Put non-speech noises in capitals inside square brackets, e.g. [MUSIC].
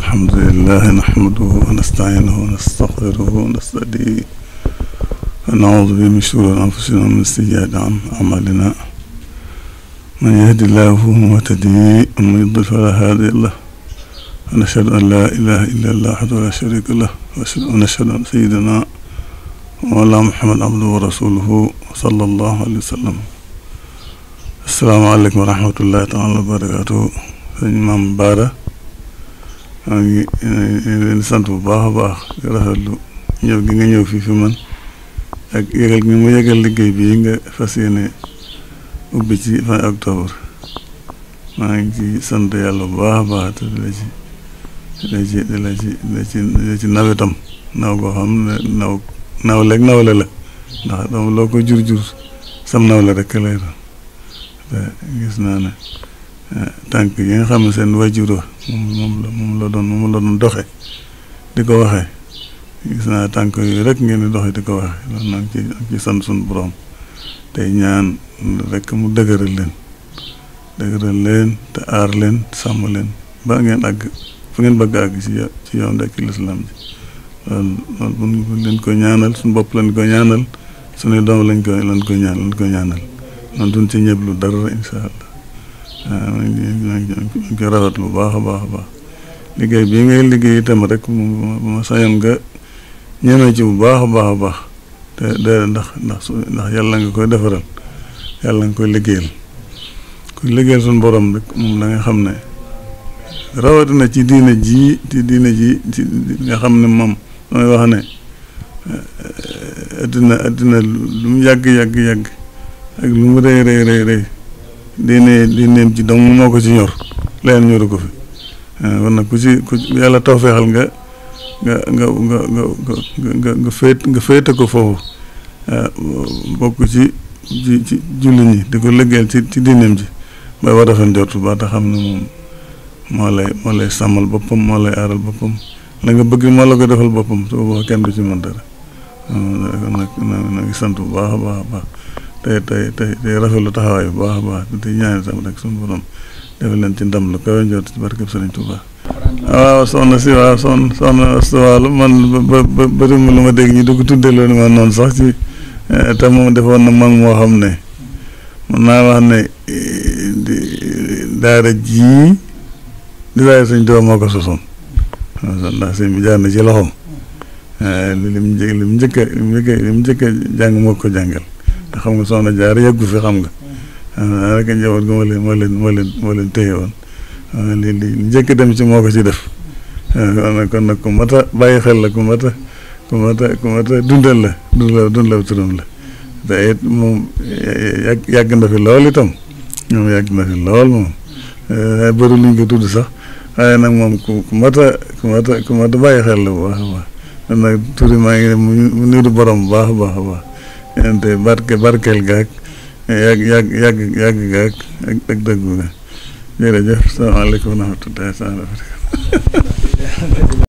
الحمد لله نحمده ونستعينه ونستغفره ونستهديه ونعوذ به من شرور أنفسنا ومن سيئات أعمالنا من يهد الله فهو مهتدي ومن يضل فلا هادي له ونشهد أن لا إله إلا الله وحده لا شريك له ونشهد أن سيدنا ولا محمد عبده ورسوله صلى الله عليه وسلم السلام عليكم ورحمة الله تعالى وبركاته سيدنا مبارك maa ngi leen sant bu baax a baax rafetlu ñëw gi nga ñëw fii fi man ak yëgal gi mu yëgal liggéey bii nga fas yéene ubbi ci fin octobre maa ngi ci sant yàlla bu baax a baax te di la ci di la ci di la nawetam naw koo naw nawleeg nawle la ndax dama loo ko jur jur sam nawle rek lay doon gis naa ne tànk yi nga xam ne seen wajuro moom la moom la doon moom la doon doxe di ko waxee gis naa tànk yooyu rek ngeen di doxe di ko waxe loolu nag ci ci sant suñu borom tey ñaan rek mu dëgëral leen dëgëral leen te aar leen sàmm leen ba ngeen àgg fu ngeen bëgg àgg ci ci yoon de ci lislaam ji loolu loolu buñ leen ko ñaanal suñu bopp lañ ko ñaanal suñu doom lañ ko lañ ko ñaan lañ ko ñaanal noonu duñ ci ñëb lu dara incha waaw ngi koy bu baax a baax a baax liggéey bii ngay liggéey itam rek ma sañoon nga ñeme ci bu baax a baax a baax te de ndax ndax ndax yàlla nga koy defaral yàlla nga koy liggéeyal ku liggéeyal suñu borom rek moom la xam ne rawatina ci diina ji ci diine ji ci nga xam ne moom mooy wax ne eh, eh, addina addina lu mu yàgg yàgg yàgg ak lu mu rëy rëy rëy rëy diine diineem ci dong moo ko ci ñor leneen ñoru ko fi eh, kon nag ku ci ku yàlla tawfeexal nga nga nga nga nga nga féet nga féete ko foofu eh, bokk ci ci ci jullit ñi di ko liggéeyal ci ci diineem ji bay war fen jot ba tax xam ne moom moo lay moo lay sàmmal boppam moo lay aaral boppam la nga bëgg moo la ko defal boppam su boobaa kenn du ci mën dara eh, kon nag na ngi sant baax a baax baax te te te rafetlu taxawaay bu baax a baax te ñaan itam rek suñu borom defal leen ci ndam lu kawe barkeb Sëriñ Tuubaa waaw soxna waaw soxna si waaw man ba ba ba lu ma dugg tuddee loolu ma noonu sax ci eh, te defoon na mag moo xam ne mën naa wax ne eh, daara jii bi jaar ci loxoom eh, li mu njëkk li mu njëkk a li mu njëkk a jàng moo ko jàngal xam nga soxna jaar yeggu fi xam nga mm-hmm. ah, rek njaboot gi moo leen moo leen moo leen moo leen téye woon ah, li dem ci moo ko ci def ah, kon nag kon nag ku mat a bàyyi la a ku mat a ku mat a dundal la mm-hmm. lool itam moom yàgg ko nag moom ku ku mat ku mat a bàyyi xel la bu baax a baax nag turi maa ngi mu nuyu borom bu baax a baax a baax te barke barkeel gaag yàgg yàgg yàgg yàgg gaag ak dëggu ga jërëjëf salaamaaleykum wa rahmatulah [LAUGHS]